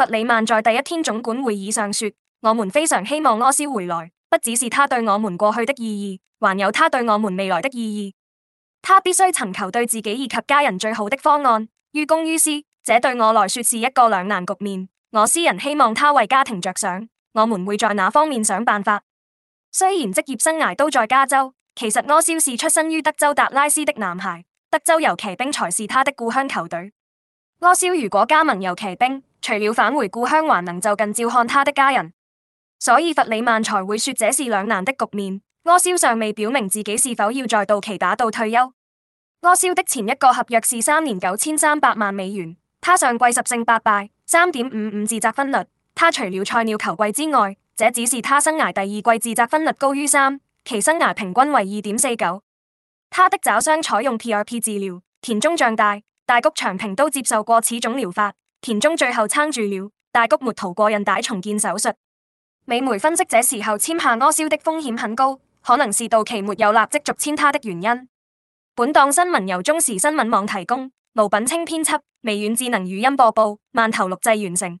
佛里曼在第一天總管會議上說：我們非常希望柯蕭回來，不只是他對我們過去的意義，還有他對我們未來的意義。他必須尋求對自己以及家人最好的方案，於公於私，這對我來說是一個兩難局面。我私人希望他為家庭着想，我們會在哪方面想辦法。雖然職業生涯都在加州，其實柯蕭是出生於德州達拉斯的男孩，德州遊騎兵才是他的故鄉球隊。柯蕭如果加盟遊騎兵，除了返回故鄉，還能就近照看他的家人，所以佛里曼才會說這是兩難的局面。柯蕭尚未表明自己是否要在道奇打到退休。柯蕭的前一個合約是三年九千三百萬美元，他上季十勝八敗，三點五五自責分率。他除了菜鳥球季之外，這只是他生涯第二季自責分率高於三，其生涯平均為二點四九。他的肘傷採用 PRP 治療，田中將大、大谷翔平都接受過此種療法。田中最後撐住了，大谷沒逃過韌帶重建手術。美媒分析，這時候簽下柯蕭的風險很高，可能是到期沒有立即續簽他的原因。本檔新聞由中時新聞網提供，盧品清編輯，微軟智能語音播報，饅頭錄製完成。